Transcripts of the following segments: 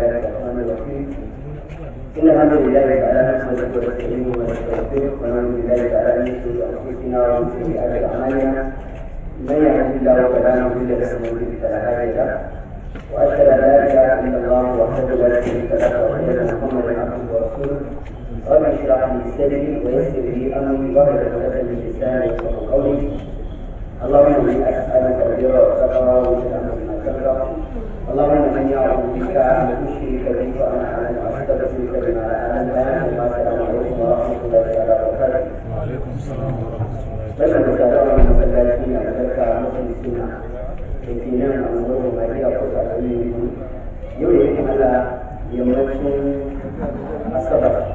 الله الرحمن الرحيم إن الحمد لله تعالى نحمده ونستعينه ونستغفره ونعوذ بالله تعالى من شرور أنفسنا ومن سيئات أعمالنا من يهده الله فلا مضل له ومن يضلل فلا هادي له وأشهد أن لا إله إلا الله وحده لا شريك له وأشهد أن محمدا عبده ورسوله رب اشرح لي صدري ويسر لي أمري واحلل عقدة من لساني يفقهوا اللهم إني أسألك البر والتقوى والإيمان اللهم من يعبد بك ويشرك بك وانا استغفرك بما امنت والسلام عليكم ورحمه الله وبركاته. وعليكم السلام ورحمه الله وبركاته. بشر الله من مسلاتين وذكر مخلصين امتنان انظر ما هي قصه عليهم يريد على يملكهم الصدقه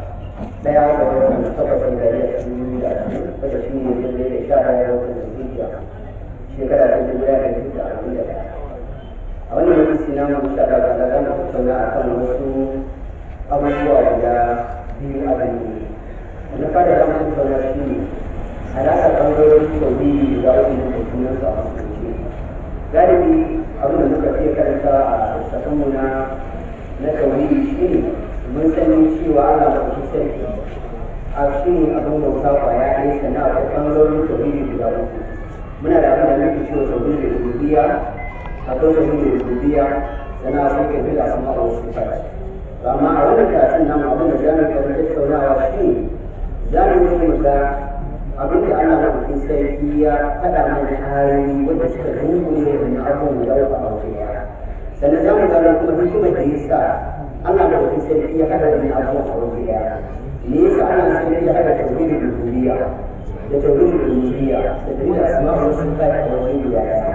لا يعرف ان الصدقه الجاريه من الله فتشميل الليل شهر يوم الهجره شكرا لله الهجره a wannan lokaci na mu da gaba za mu tattauna akan wasu abubuwa guda biyu a nan na fara da mu tattauna shi ne alaƙar ɓangarorin tauhidi da wasu da sunan su a galibi abin da muka ce karanta a sakamu na na tauhidi shi ne mun sani cewa ana da wasu sarki a shi ne abin bauta kwaya ɗaya sana'a ɓangarorin tauhidi guda uku muna da abin da muke cewa tauhidi da rubiya a dole ne da bibiya sana san kai bida sun haɗa wasu fara amma a wani karatun nan abin da jami'ar kai da tattaunawa shi za mu yi mu ga abin da ana da kuɗin sarki ya faɗa mana hari wanda suka dungule da abubuwan da ya faɗa wa sannan za mu gano kuma hukumar da ya sa ana da kuɗin sarki ya faɗa mana abubuwan a wuri ɗaya me yasa ana sarki ya faɗa tauhidin rububiyya da tauhidin rububiyya da tauhidin asma'u wasu faɗa a wuri ɗaya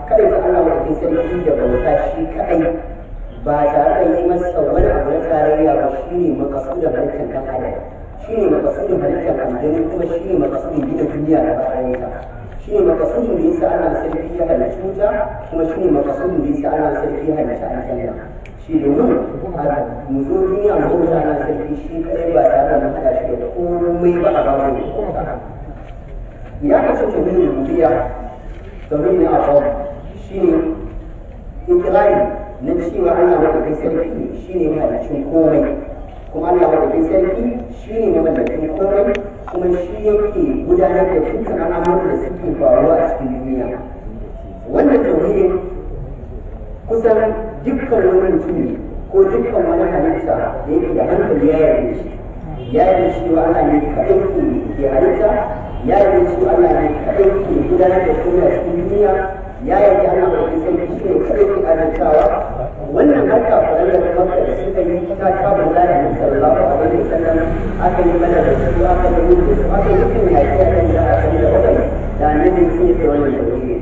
kada ga Allah mai sarki da bauta shi kai ba tare da yi masa wani abu na tarayya ba shi ne makasudin halittar kan adam shi ne makasu da halittar aljanu kuma shi ne makasu da gina duniya da bayan shi ne makasu da yasa Allah sarki ya halitta wuta kuma shi ne makasu da yasa Allah sarki ya halitta aljanna shi domin a muzo duniya mu zo ana sarki shi kai ba tare da mun hada shi da komai ba a gaban ya kasance mun rubiya domin ne a gaban shine ikirari na cewa Allah madaukakin sarki shine mahalicin komai kuma Allah madaukakin sarki shine mamallakin komai kuma shi yake gudanar da dukkan al'amuran da suke faruwa a cikin duniya wannan tauhidin kusan dukkan wani mutumi ko dukkan wani halitta da yake da hankali ya yarda shi ya yarda shi wa Allah ne kaɗai ke halitta ya yarda shi Allah ne kaɗai ke gudanar da komai a cikin duniya ya yi ana mai sai shi ne kai karantawa wannan harka kwanar da da suka yi ta kaba da nabi sallallahu alaihi wasallam aka yi mana da su aka yi da su aka yi kan yaki a kan da aka yi da wannan da annabi sun yi da wannan dalili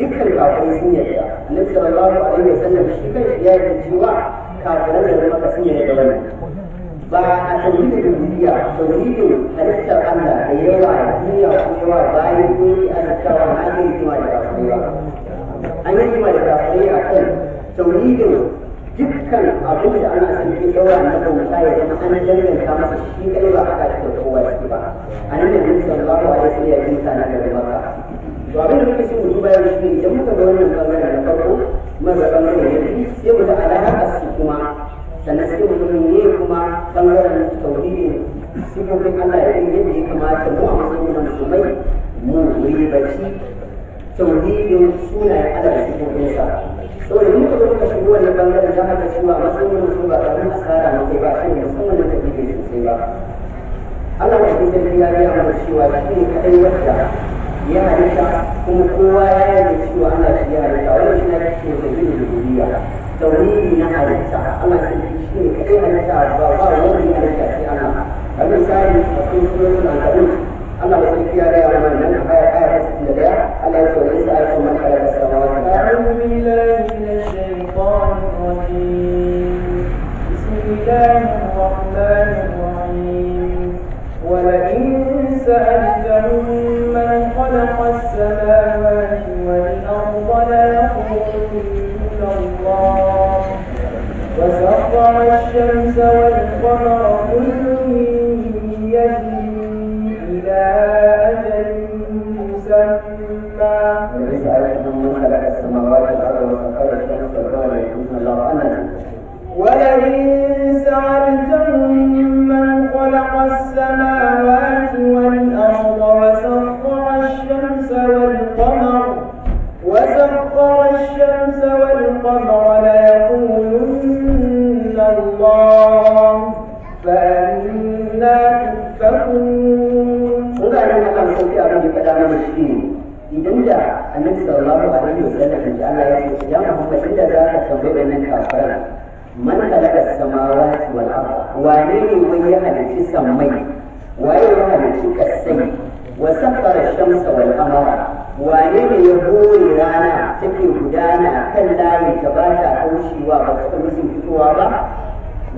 dukkan kafin sun yarda annabi sallallahu alaihi wasallam shi kan ya yi cewa kafiran da makka sun yarda da wannan ba a tauhidin duniya tauhidin halittar Allah da yawa duniya ko yawa bayan duniya a tattawa na ake da kafin an yi ma da a kan tauhidin dukkan abin da ana san ke daura na bauta ya zama ana danganta masa shi kai ba haka da kowa shi ba a nan da bin sallallahu alaihi wasallam ya jinta na da maka to abin da muke so mu duba yau shi idan muka ga wannan bangare na farko kuma ga bangare na sai mu ga alaƙa su kuma sannan sai mu ne kuma bangaren tauhidin sifofin Allah ya yi yadda ya kamata mu a matsayin musulmai mu ribaci tauhidin sunayen Allah da sifofinsa saboda in muka zo muka shigo wannan bangaren za a ga cewa matsayin su ba karamin asara na kai ba shi ne musamman da tauhidi sosai ba Allah da shi sai ya gaya mana cewa shi ne kadai wanda ya halitta kuma kowa ya yarda cewa ana shi ya halitta wannan shi ne shi ne tauhidin rububiyya tauhidi na halitta Allah sai shi ne kadai halitta ba ba wani halitta sai Allah a misali a cikin sunan al-Qur'an أما الذي فيها لا يعلم من آية النداء ألا ليس آية من خلق السماوات أعوذ بالله من الشيطان الرجيم بسم الله الرحمن الرحيم ولئن سألتهم من خلق السماوات والأرض ليقولن الله وسخر الشمس والقمر والشمس والقمر ليقولن الله فأنا تؤفكون Muna nan akan sauki abin da faɗa mana shi ne idan da annabi sallallahu alaihi wasallam da Allah ya ce ya Muhammad inda za ka tambaye wannan kafiran man khalaqa samawati wal ardh wane ne wai ya halicci samai waye ya halicci kasai wa sakhara shamsa wal qamara wane ne ya hore rana take gudana a kan layin ta ba ta kaushewa ba ta musu fitowa ba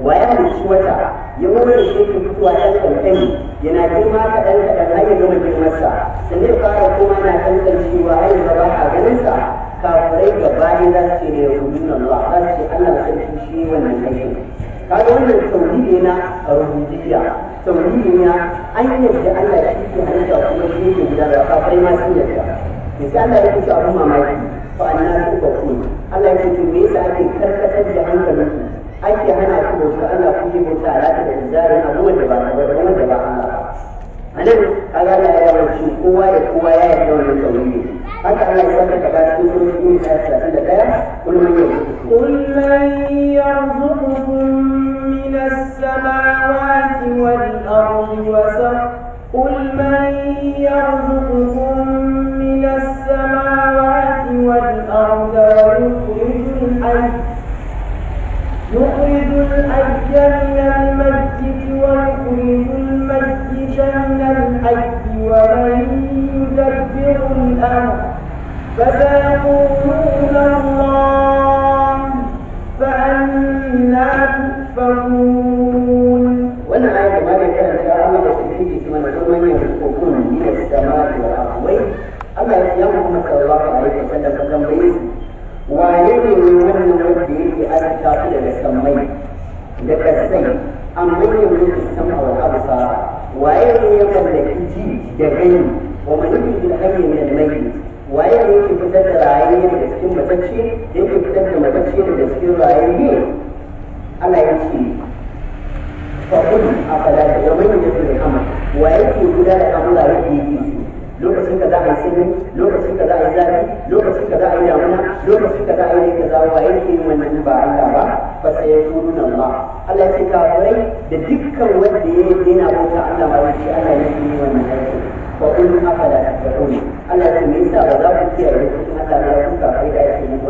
wa ya shi wata ya hore shi ke fitowa ɗan kankani yana girma kaɗan kaɗan har ya gama girmarsa sannan ya fara kuma na tantancewa har ya ba a ganinsa kafirai gaba bayan za su ce ne ya rubu nan ba za su ce Allah sarki shi wannan aikin kaga wannan tauhidi na rububiyya tauhidi na an yadda Allah shi ke halitta kuma shi ke gudanar da kafirai ma sun yadda ki sa Allah ya kusa abin mamaki fa anna ku ku Allah ya ce me yasa ake karkatar da hankalin ake hana ku bauta Allah ku yi bauta a rata da zarin abubuwan da ba abubuwan da ba Allah a nan a Allah ya yawanci kowa da kowa ya yarda wannan tauhidi haka Allah ya saka ka ba cikin yi ta 33 cikin rayayye Allah ya ce fa'ul afala da yawon yin yadda da kama wa yake guda da kamula yadda yake so lokacin ka za a yi sinin lokacin ka za a yi zafi lokacin ka za a yi damuna lokacin ka za a yi kaza wa yake yin wannan ba Allah ba fa sai ya turu nan ba Allah ce kafirai da dukkan wanda ya yi yana bauta Allah ba wani Allah ya ce wannan aiki fa'ul afala da yawon Allah ce me yasa ba za ku kiyaye kuma Allah ya kuka kai da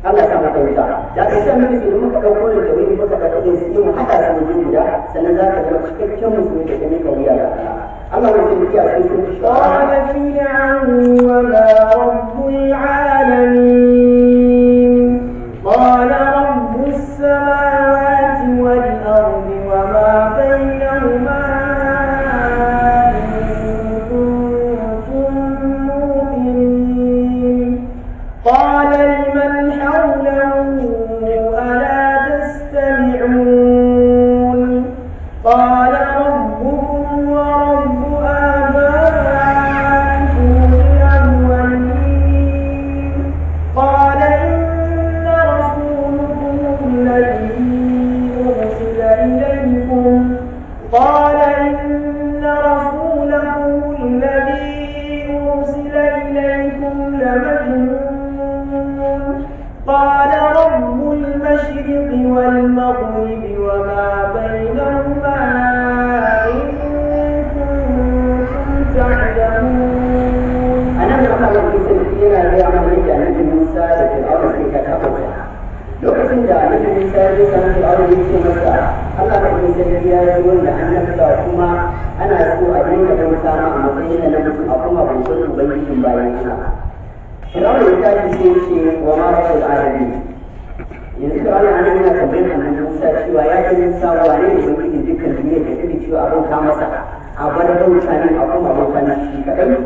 Allah sa maka wuta da ka san miki idan muka dauko ne da wani muka dauko ne sai mu hada su ne guda sannan za ka zama cikakken musulmi da kake ka wuya Allah ya sani ya sani qala wa ma rabbul alamin da kuma ana so a dinga bauta tsara a matsayin da na mutu a kuma bautar ubangijin bayan Allah Firawun ya tashi sai ce wa ma rabbul alamin yanzu da wannan annabi na tambayar hannun Musa cewa ya ce Musa sabuwa ne ubangijin dukkan duniya da kake cewa a ta masa a bar da mutane a kuma bauta ne shi kadai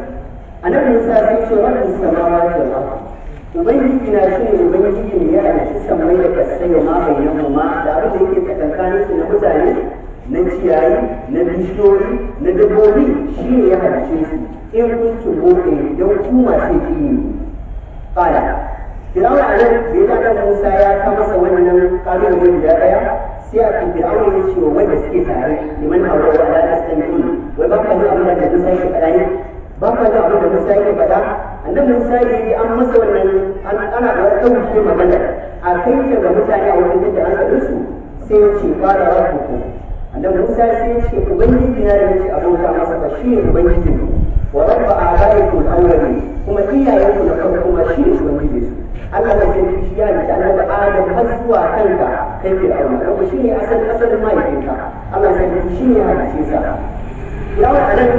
nan Musa sai ce wannan samawati wal ardh ubangiji na shi ne ubangiji ne ya halicci sammai da kasai ma bai nan ma da abin da yake tsakankanin su na mutane na ciyayi na bishiyoyi na dabbobi shi ne ya halarce su in ci boke don ku masu ne qala Firaun a nan da ya ga Musa ya ta masa wannan kalubale guda daya sai a kan Firaun ya ce wa wanda suke tare liman hawa wa san yi wai ba ka ji abin da Musa ya faɗa ne ba ka ji abin da Musa yake faɗa nan Musa ya yi an masa wannan an ana da wani wuce magana a kai ta ga mutane a wajen da an su sai ya ce ba da ku. annabi Musa sai ya ce ubangiji ya ne ce abota masa da shi ubangiji ne wa rabba abaikum alawali kuma iyayenku na kan kuma shi ubangiji su Allah ya san shi ya ce annabi Adam har zuwa kanka kai ke aure kuma shi ne asal asalin mahaifinka Allah ya san shi ne halice sa ya wa anan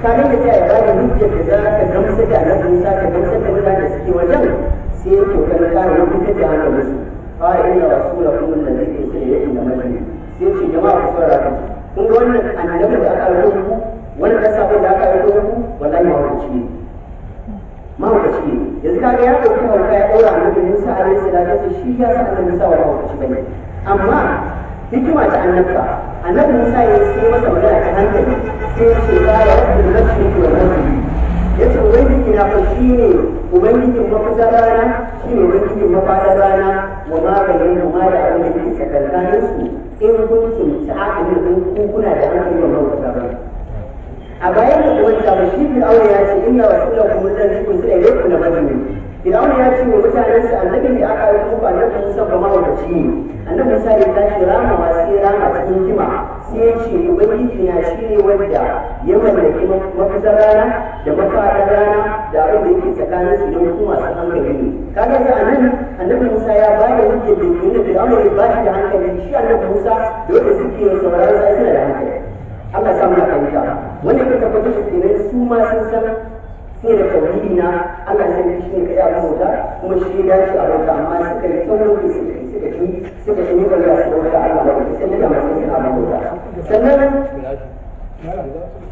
ka dinga ta ya da hujjar da za ka gamsa da annabi Musa ka gamsa da mutane suke wajen sai ya kokarin kare wani ta da hankalinsu قال إن رسولكم الذي أرسل إليكم لمجنون sai ce jama'a ku saurara kun ga wannan annabi da aka aiko muku wannan dan sako da aka aiko muku wallahi mahaukaci ne mahaukaci ne yanzu kaga ya ɗauki hauka ya ɗora annabi Musa alaihi salatu shi ya sa annabi Musa a mahaukaci bane amma hikima ta annabta annabi Musa ya sai masa magana ta hankali sai ya ce ba ya rabbi nafsi wa rabbi ya ce ubangiji na fa shi ne ubangijin mafisar rana shi ne ubangijin mafaɗar rana wa ma bayyana ma da abin da yake tsakankanin su in kun tsinci akalin in ku da hankali wannan wata ba a bayan da kuma shi fir'auna ya ce inna wasilakum allazi ursila ilaykum la majnun Fir'auna ya ce wa mutanen sa annabi ne aka yi muku annabi Musa ba mahaukaci ne. Annabi sa ya tashi rama ma sai rama cikin jima sai ya ce ubangiji na shi ne wanda ya mallaki mafitar rana da mafaɗar rana da abin da yake tsakanin su don kuma su hankali ne. Kaga sai annabi annabi Musa ya ba da hujjar da ke nuna Fir'auna ba shi da hankali shi annabi Musa dole wanda suke sauraron sa suna da hankali. Allah samu ya fahimta. Wannan ya tabbatar da kenan su ma sun san sai da tauhidi na Allah sai da shi ne ka yaro bauta kuma shi ya dace a bauta amma suka yi tsawon da suka yi suka yi suka yi ba za su bauta Allah ba ku sai da masu suna ba bauta sannan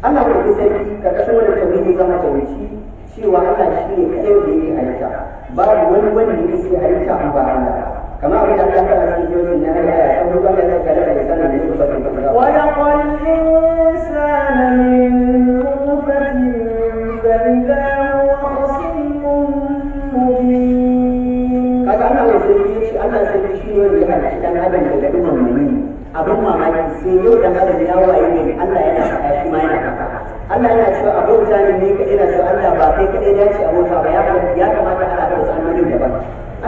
Allah ku ku sai ka kasar da tauhidi zama tauhidi cewa Allah shi ne kadai da yake halitta babu wani wanda yake halitta an ba Allah كما قلت لك في جزء من الآية أو ربما تكلم الإنسان من يوسف ولقد abin mamaki sai yau da da ya waye ne Allah yana faɗa shi ma yana faɗa Allah yana cewa abota ne ne ka ina cewa Allah ba kai kaɗai ya ce abota ba ya ya kamata ana da wasu annabin ba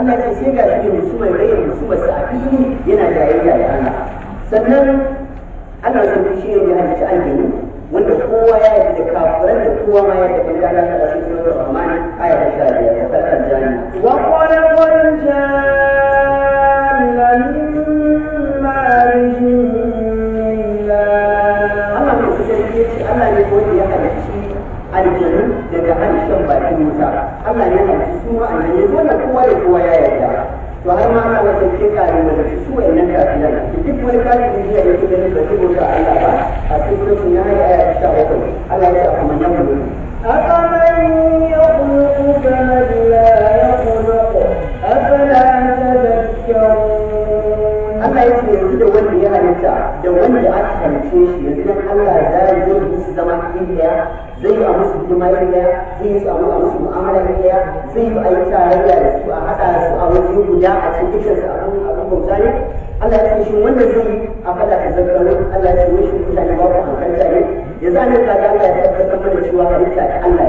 Allah ce sai ga shi musumar rayu musu sa a fili yana da jayayya da Allah sannan Allah sun shi ne ya halicci aljanu wanda kowa ya yi da kafiran da kowa ma ya tafi da Allah ta rasu da Rahman aya ta 15 wa qala qul jaa Allah ne mai su ma a yi kowa da kowa ya yarda to har ma ana wata ke kare da da su ne duk wani ne ya da da su ga ba a cikin ya yi aya ta Allah ya ka أفمن يخلق كمن لا يخلق أفلا تذكرون ya wanda ya halitta da wanda aka halice yanzu Allah zai yi zama ɗaya zai a musu a musu malamai zai yi ayi tarayya da su a haɗa su a waje guda a cikin dukkan su abin abin bauta ne Allah ya ce shi wanda zai yi a faɗa ta zakarun Allah ya ce wani shi mutane ba ku hankalta ne yanzu an yi kaga Allah ya tabbatar mana cewa halitta da Allah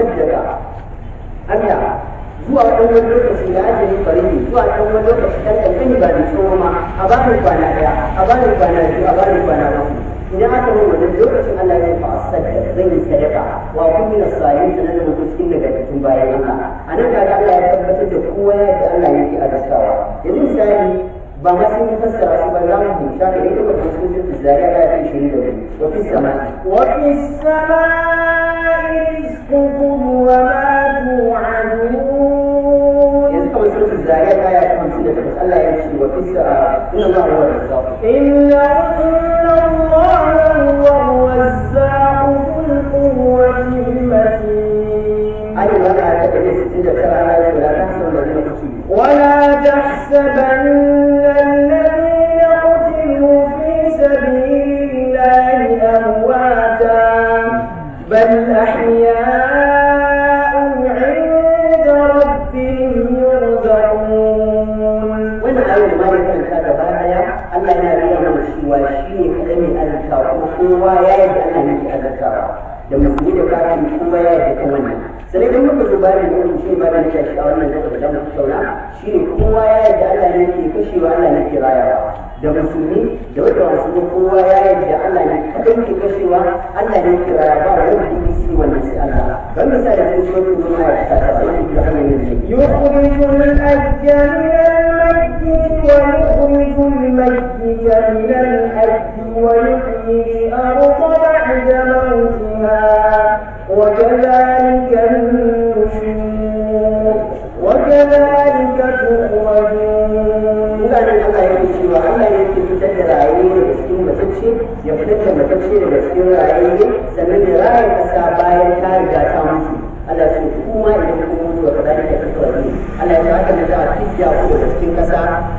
musaddada Allah zuwa ɗan wani lokaci da ake yi bari ne zuwa ɗan wani lokaci ɗan ƙanƙani ba da tsoho ma a ba ni kwana ɗaya a ba ni kwana biyu a ba ni kwana uku idan aka yi wannan lokacin Allah ya fa asadda zan yi sadaka wa kun min as-salim sanan da mutum cikin daga cikin bayan Allah anan da Allah ya tabbatar da kowa ya da Allah yake azurtawa yanzu misali ba ma sun yi fassara su ba za mu huta da ita ba cikin zuriya ya ce shi ne da wani wa fi samai wa fi samai رزقكم وما توعدون الله آية يمشي وفي إن الله هو الرزاق إن الله هو الرزاق ذو القوة المتين أيوة، ولا تحسبن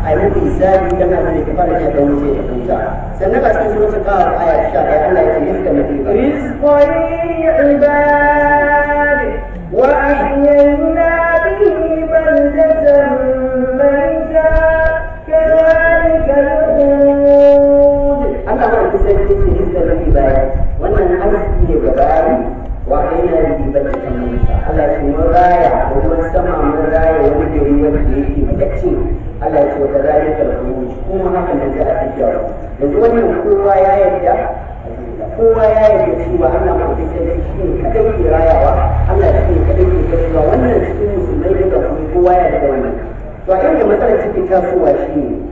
a yi muku isabi kan abin da ke fara ne don wuce da kuta sannan a cikin suratul qaf aya 11 Allah ya ce rizqa madiba rizqan ibad wa ahyayna bihi baldatan mayta kadhalika al-khulud Allah ba ku sai ce rizqa madiba wannan arziki ne gabari wa ahyayna bihi baldatan mayta Allah ya ce mun raya ruwan sama mun raya wani gari wanda yake matacce Allah ya ce da zai ka rubuci kuma hakan da zai a yanzu wannan kowa ya yarda kowa ya yarda cewa Allah ma da sai shi ne kadai ke rayawa Allah shi ne kadai ke kashewa wannan musulmai da kuma kowa ya yarda wannan to a matsalar cikin tasowa shi ne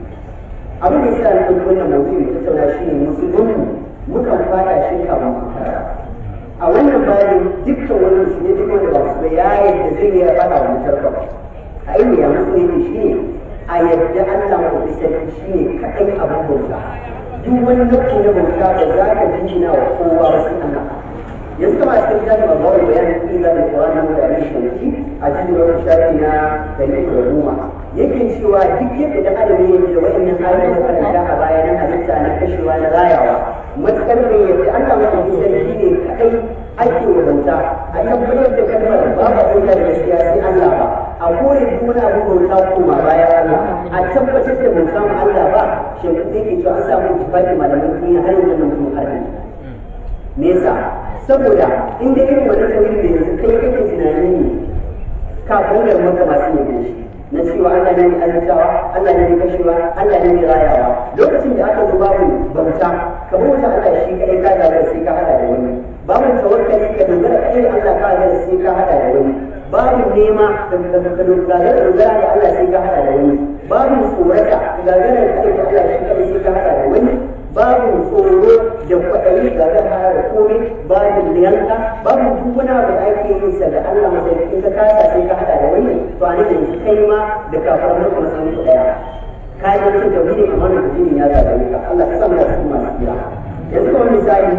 duk wani na bauta da za ka jingina wa kowa wasu Allah yanzu kama cikin jami'in mabawar bayanin ila da kowane mutane shi a cikin wani shafi na dari da goma yake cewa duk yadda da adam ya yi da wa'annan ayoyin da karanta a baya na halitta na kashewa na rayawa matukar ne yadda Allah mutum sarki ne kai ake wa bauta a tabbatar da kalmar babu bauta da gaskiya sai Allah ba a kore kuna wani abu bauta koma bayan Allah a tabbatar da bauta ma Allah ba shekaru da yake an samu ittifaqi malaman duniya har yanzu nan kuma har me yasa saboda in da irin wannan tawili da yanzu kai kake tunani ne kafin da maka masu yabe shi na cewa Allah ne arzikawa Allah ne kashewa Allah ne rayawa lokacin da aka zo babu bauta ka bauta Allah shi kai ka ga sai ka hada da wani babu tawakkali ka dogara kai Allah ka ga sai ka hada da wani babu nema daga dogara da Allah sai ka hada da wani babin da Allah sai ka da wani babin tsoro da kwaɗayi gagara hada da komai babin liyanka babin duk da ake yin sa da Allah masai in ka kasa sai ka da wani to a nan yanzu kai ma da ɗaya kayan cin ya zaɓe Allah ka samu da su masu yanzu kamar misali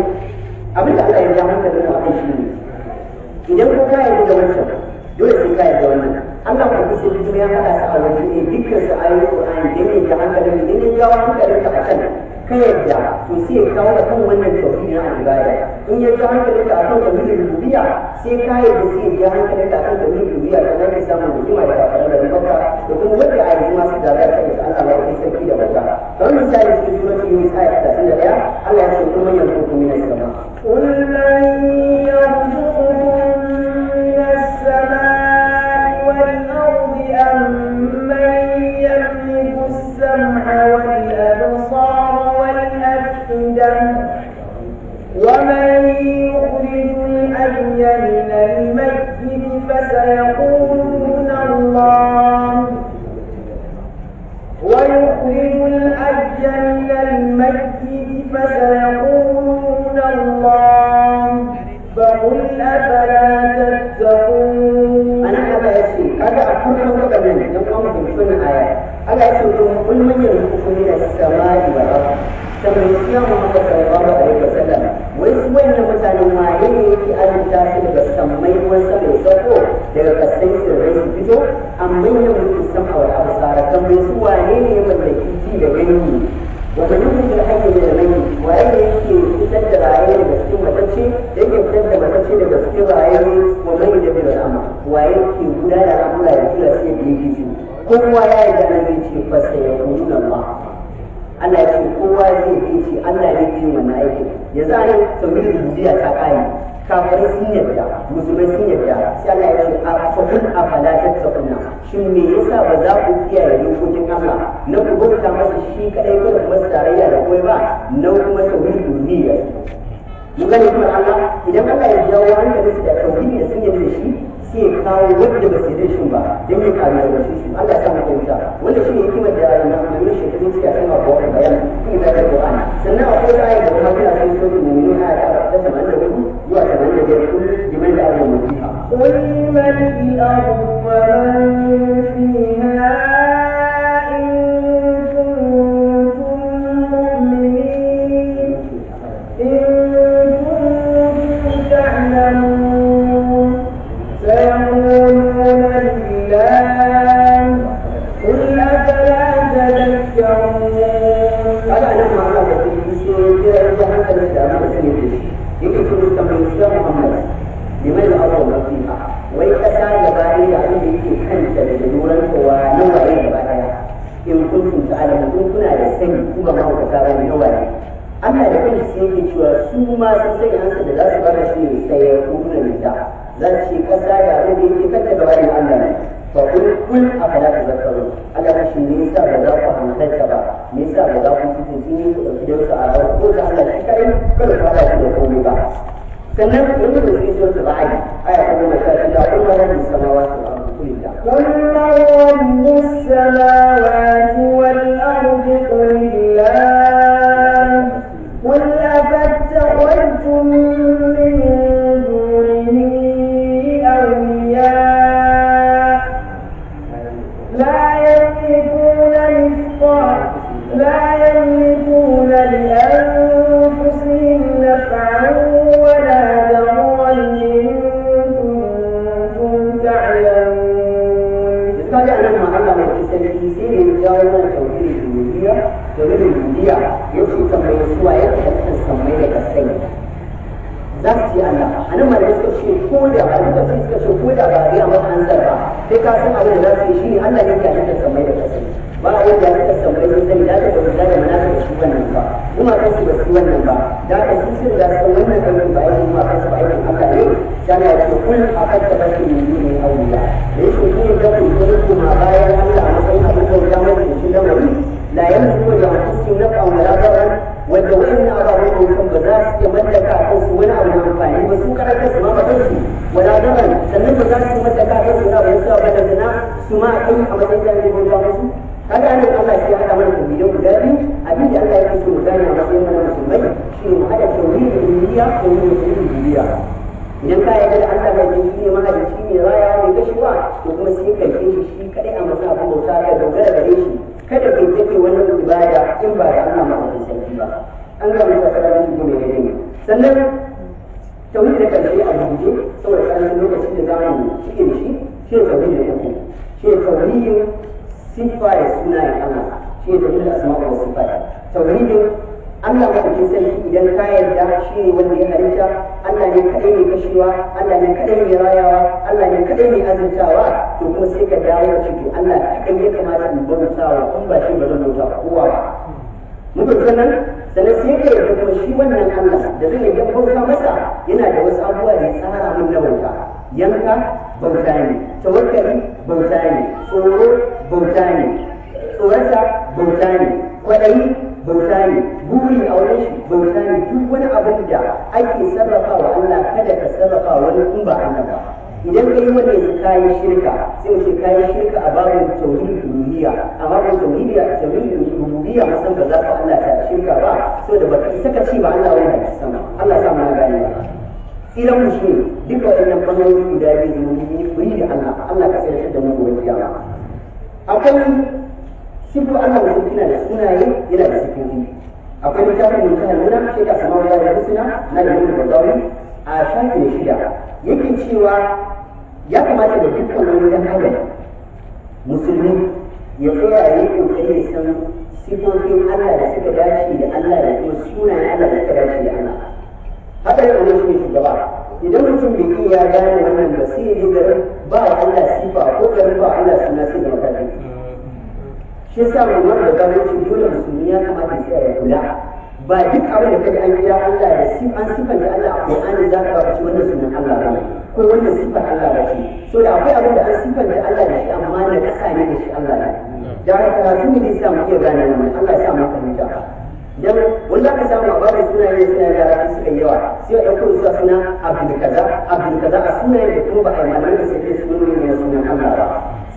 abin da Allah ya ja hankalin mu a kai shi ne idan ko ka yarda da wancan dole sai ka yarda wannan Allah ya faɗa sa a wajen ne dukkan su ayoyin an dinin da hankalin dinin hankalin ka akan ka yadda to sai ka kawo kan wannan tauhidin a ibada in ya ji hankalin ka akan tauhidin rububiyya sai ka yadda sai ya hankalin ka akan tauhidin rububiyya sannan ka samu hikima da kafaran da rubarka da kuma wanda a yanzu masu gaba kan su Allah ba ku sarki da banza don misali cikin suratul Yunus ayat 31 Allah ya ce kuma yanzu ku sama qul سيقولون الله فقل أفلا تتقون أنا هذا يسير هذا أكون لك من يقوم بمثل آيات هذا يسير قل من يرزقكم من السماء والأرض كما يسير محمد صلى الله عليه وسلم ويسوي أن مثلا ما يلي أن تاسل بالسمي وسمي سفو daga kasai sirrai su fito amma yin mutum sama wa abu tsara kan mai suwa ne ne mai ji da gani wata nufin da ake da mai ce fasayakun Allah Allah ya ce kowa zai yi ce Allah ne ke ya za a yi tsohon rububiyya ta kayi kafin sun yadda musulmai sun yarda sai Allah ya ce a fakun afala tattaquna shin me yasa ba za ku kiyaye dokokin Allah na ku bauta masa shi kadai kada kuma tarayya da kowa ba na kuma tauhidul rububiyya don ya kare da su Allah ya sa mu kyauta wanda shi ne hikimar da kada ka haɗa da komai ba sannan wani da suke son su ba ai aya sai ka san abin da za su yi shi ne Allah ne ya ta samai da kasai ba a wanda ya halitta samai sun sani da aka da da mana da shi wannan ba kuma kansu ba su wannan ba da aka sun sun da san wannan aikin ba aikin kuma kansu ba aikin haka ne sana ya ce kul a ta bakin yanzu ne auliya da yake shi ne da ku kuma bayan Allah a matsayin abin da ya mai da shi da wani لا يملك لأنفسهم نفعا ولا ba za أبا منهم فبزاس يملك su wani abu. amfani ba su karantar su ma ba san su wala sannan ba za su mata ka san su na ba su ba da zina su ma kai a matsayin da ne ba musu kaga anan Allah sai shi yasa mai wanda gabanci dole musulmi ya kamata ya ya kula ba duk abin da kaji an gida Allah da si an sifanta Allah a Qur'ani za ka ba shi wannan sunan Allah ba ko wannan sifar Allah ba shi so da akwai abin da an sifanta Allah da shi amma na kasa ne da shi Allah ne da haka sun ne sa mu iya gane wannan Allah ya sa mu fahimta dan wanda ka samu a babin sunaye suna da rafi suka yi yawa sai ya ɗauko zuwa suna abdul kaza abdul kaza a sunayen da kuma ba a yi malamin da sai sunayen sunan Allah ba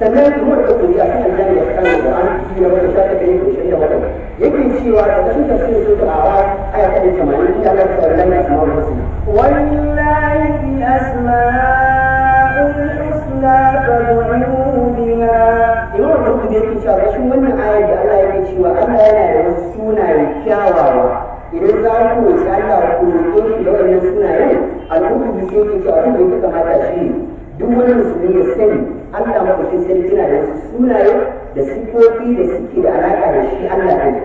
sannan kuma da ɗauko zuwa sunan jami'a kan da an ci gaba da sake yi ko shi da wannan yake cewa da dan ta sun su a ba aya ta 80 da Allah ta rana kuma wasu wallahi asma'ul husna fad'uhu biha imam al-qurtubi yake cewa shi wannan aya da Allah yake cewa Allah yana da wasu sunaye kyawawa idan za ku wuce Allah ku roƙe shi da wannan sunayen al-qurtubi sai yake cewa abin da yake kamata shi duk wani musulmi ya sani Allah mutum sani kina da wasu sunaye da sifofi da suke da alaƙa da shi Allah ne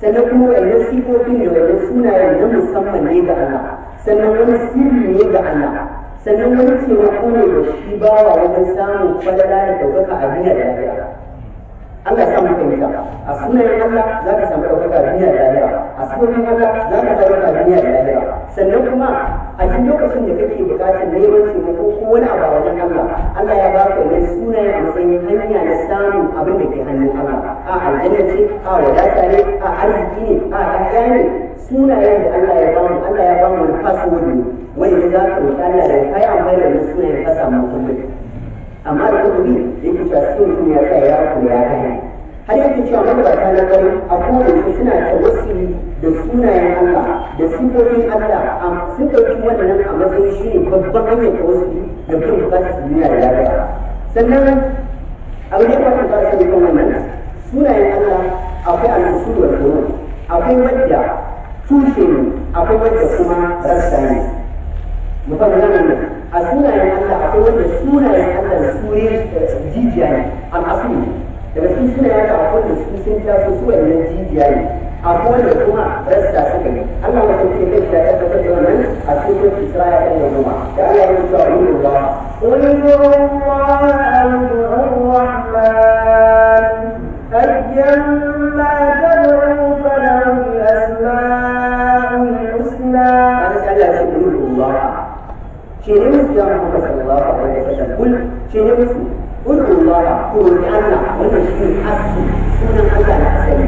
sannan kuma wannan sifofi ne wannan sunayen na musamman ne ga Allah sannan wani sirri ne ga Allah sannan wani taimako ne da shi bawa wajen samun kwalala da ɗaukaka a duniya da lafiya Allah ya samu kanta a sunan Allah za ka samu ɗaukaka duniya da lahira a sunan Allah za ka samu ɗaukaka duniya da lahira sannan kuma a cikin lokacin da kake buƙatar neman taimako ko wani abu a wajen Allah Allah ya ba ka wani sunan a matsayin hanya na samun abin da ke hannun Allah a aljanna ce a wadata ne a arziki ne a ɗaya ne sunayen da Allah ya ba mu Allah ya ba mu wani fasodi ne wanda za ka yi Allah da kai amfani da sunayen ka samu amma da kuɗi yake cewa sai mutum ya sa ya ya haya har yake cewa ta na kai a kowace suna tawassuli da sunayen Allah da sifofin Allah a suka yi wannan a matsayin shi ne babban hanyar tawassuli da kan bukatar su duniya da lafiya sannan abu ne ba ku ba su kan wannan sunayen Allah akwai al-usul wal furu akwai wadda tushe ne akwai wadda kuma rasta ne mu fara nan a sunayen Allah akwai wanda sunayen Allah su ne jijiya sunayen Allah akwai wanda su sun su ne akwai wanda kuma rasta suka ne Allah ke kai da ya tabbatar da wannan a cikin Isra'a ta da da Allah ya zuwa ba She names the Prophet sallallahu alaihi wasallam. Kul she names me. Kul Allah, kul Allah, wannan shi ne asu sunan Allah na asali.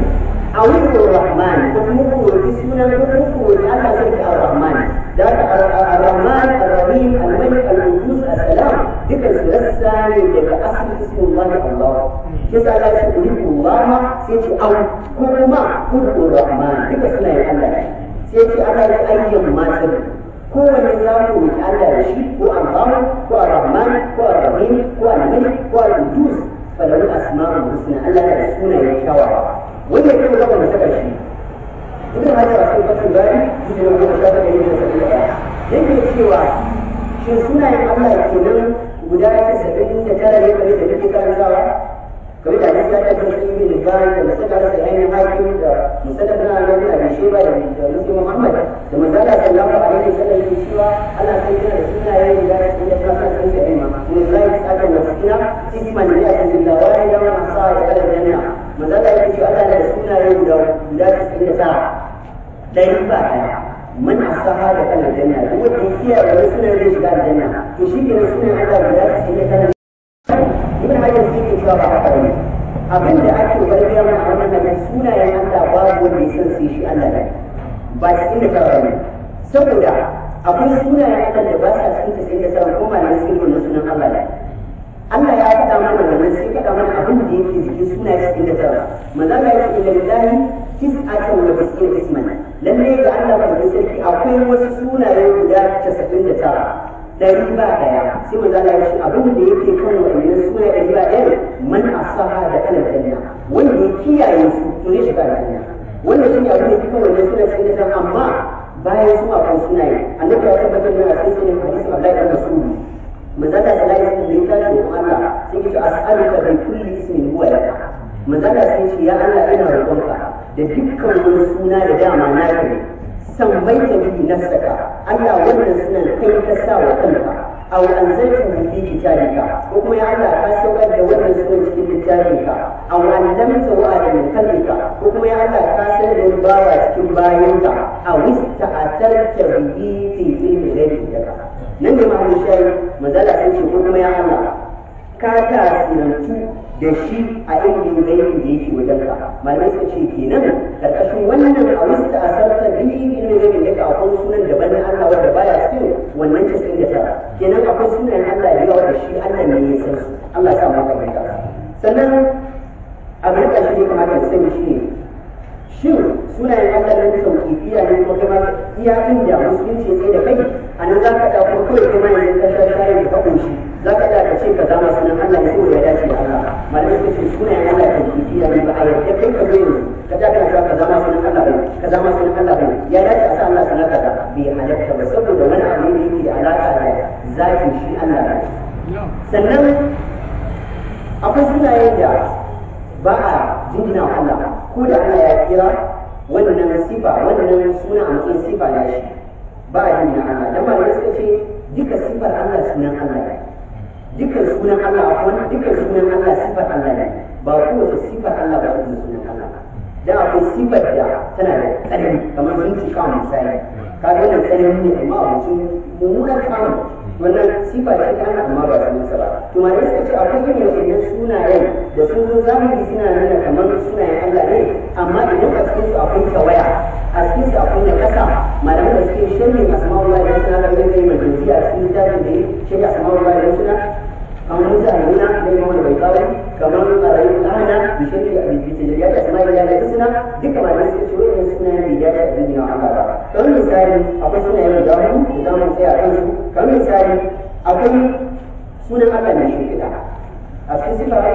Awidu Rahman, ko kuma ku roki sunan ko kuma ku roki Allah sai ka Rahman. Da ka Rahman, Ar-Rahim, Al-Malik, Al-Qudus, As-Salam, dukan su rassa ne daga asalin ismin Allah Allah. Shi yasa Allah ya ce Allah sai ce au ko kuma kul Rahman, duka sunayen Allah ne. Sai ce Allah ya ayyan matan هو من لا أن لا يشرك هو الله هو الرحمن هو الرحيم هو الملك هو القدوس فله الأسماء الحسنى ألا تسكن الشوارع ويكون لكم مسكن شيء مثل ما جرى في فتح الباري مثل ما كنا شافه كريم في الآية يمكن سوى شو سنة الله يكون guda 99 da tara ne ba da kamar da nan ya ɗauka sun yi bukari da musulman da ainihin hakim da musulman na nan da bishe ba da musulman muhammad da manzala sallallahu alaihi wasallam ya cewa ana san yana da suna yayin da ya san da kafa san da aima mun zai tsaka da suna isman ne a cikin da wani da wani sa da kada janna manzala ya ce Allah da suna yayin da guda 99 dari ba daya man asaha da kana janna duk wanda ya kiyaye sunan zai shiga janna to shi ke majalisi ke cewa ba haka ne abin da ake bayyana mana a wannan nan sunayen Allah babu wanda ya san sai shi Allah ne ba cikin da tara ne saboda akwai suna sunayen Allah da ba sa cikin ta sai da tara ko malamai sun nuna sunan Allah ne Allah ya faɗa mana wannan sai faɗa mana abin da yake jikin suna sunayen cikin da tara manzo Allah ya ce inna lillahi tis'atan wa tis'ina isman lalle ga Allah ba sarki akwai wasu sunaye guda 99 ɗari ba ɗaya sai manzo Allah ya ce abin da yake kan wannan sura ɗari ba ɗaya man asaha da kalan janna wanda ya kiyaye su to ya shiga aljanna wannan shine abin da yake kan wannan sura cikin ta amma bayan su akwai sunaye annabi ya tabbatar da a cikin hadisi Abdullahi ibn Mas'ud manzo Allah sallallahu alaihi wasallam ya tashi ko Allah sai ya ce as'aluka bi kulli ismin huwa lak manzo Allah sai ya ce ya Allah ina roƙonka da dukkan wani suna da dama na kare sammaita bihi nafsaka Allah wannan sunan kai ka sa wa kanka aw anzalta fi kitabika ko kuma ya Allah ka saukar da wannan sunan cikin A aw allamta wa adam ka, ko kuma ya Allah ka sanar da bawa cikin bayanka aw ista'tarta bihi fi ilmi ghaibika nan da mamu shayi mazala sai ce ko kuma ya Allah ka tasirantu da shi a ilimin gaibin da yake wajen ka malamai suka ce kenan karkashin wannan a wasu ta asarta biyu ilimin gaibin da ka akwai sunan da na Allah wanda baya cikin wannan cikin da tara kenan akwai sunan Allah da yawa da shi Allah ne ya san Allah sa mai fahimta sannan abu na shi ne kamar da sani shi ne shin sunayen Allah kan kifiya ne ko kuma iya da musulunci sai da kai a nan za ka ɗauko kawai kuma yanzu ka shayar da ka za ka ɗauka ce ka zama sunan Allah ne saboda malamai suka ce sunayen Allah kan kifiya ne ba a yadda kai ka zo ka kana cewa kaza ma sunan Allah bane kaza ma sunan Allah bane ya dace a sa Allah sunan kaza bai halatta ba saboda wani abu ne da yake da alaka da zakin shi Allah bane sannan lalle a yi shi mummunar kawai wannan sifa da ita ana amma ba sunan sa ba to ma suka ce akwai irin wannan sunayen da sun zo zamani suna nuna kamar sunayen Allah ne amma idan a cikin su akwai tawaya a cikin su akwai nakasa malaman da suke shirin asma'ullah da suna da wani mai manzi a cikin littafin da ya shirya asma'ullah da suna kamar mutu a nuna da ya mawa da bai kawai kamar a rayu ana da da a bitin da ya ta asma'ullah da suna duka malaman suke ce wani suna ne akwai sunayen da wani da za mu tsaya kansu kamar misali akwai sunan Allah na shirkita a cikin sifa